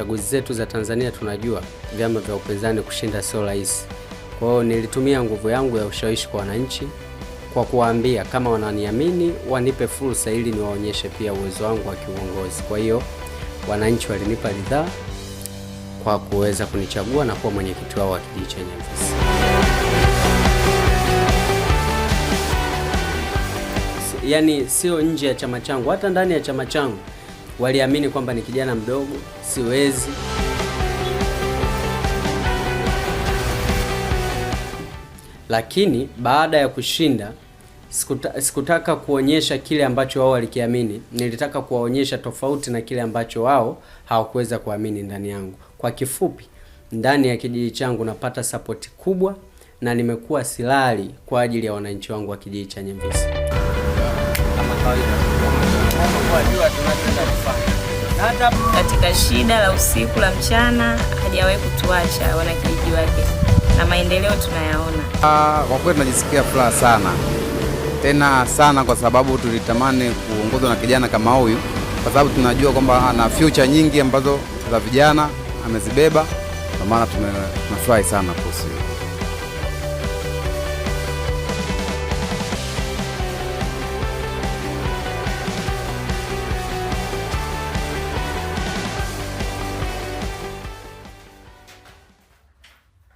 chaguzi zetu za Tanzania tunajua vyama vya upinzani kushinda sio rahisi. Kwa hiyo nilitumia nguvu yangu ya ushawishi kwa wananchi kwa kuwaambia kama wananiamini wanipe fursa ili niwaonyeshe pia uwezo wangu wa kiuongozi. Kwa hiyo wananchi walinipa ridhaa kwa kuweza kunichagua na kuwa mwenyekiti wao wa kijiji cha Nyamvisi. Yaani sio nje ya chama changu, hata ndani ya chama changu waliamini kwamba ni kijana mdogo, siwezi. Lakini baada ya kushinda sikuta, sikutaka kuonyesha kile ambacho wao walikiamini. Nilitaka kuwaonyesha tofauti na kile ambacho wao hawakuweza kuamini ndani yangu. Kwa kifupi, ndani ya kijiji changu napata sapoti kubwa na nimekuwa silali kwa ajili ya wananchi wangu wa kijiji cha Nyembezi kama kawaida katika shida la usiku la mchana, hajawahi kutuacha wanakijiji wake, na maendeleo tunayaona. Ah, kwa kweli tunajisikia furaha sana tena sana, kwa sababu tulitamani kuongozwa na kijana kama huyu, kwa sababu tunajua kwamba ana future nyingi ambazo za vijana amezibeba, kwa maana tumefurahi sana kuhusu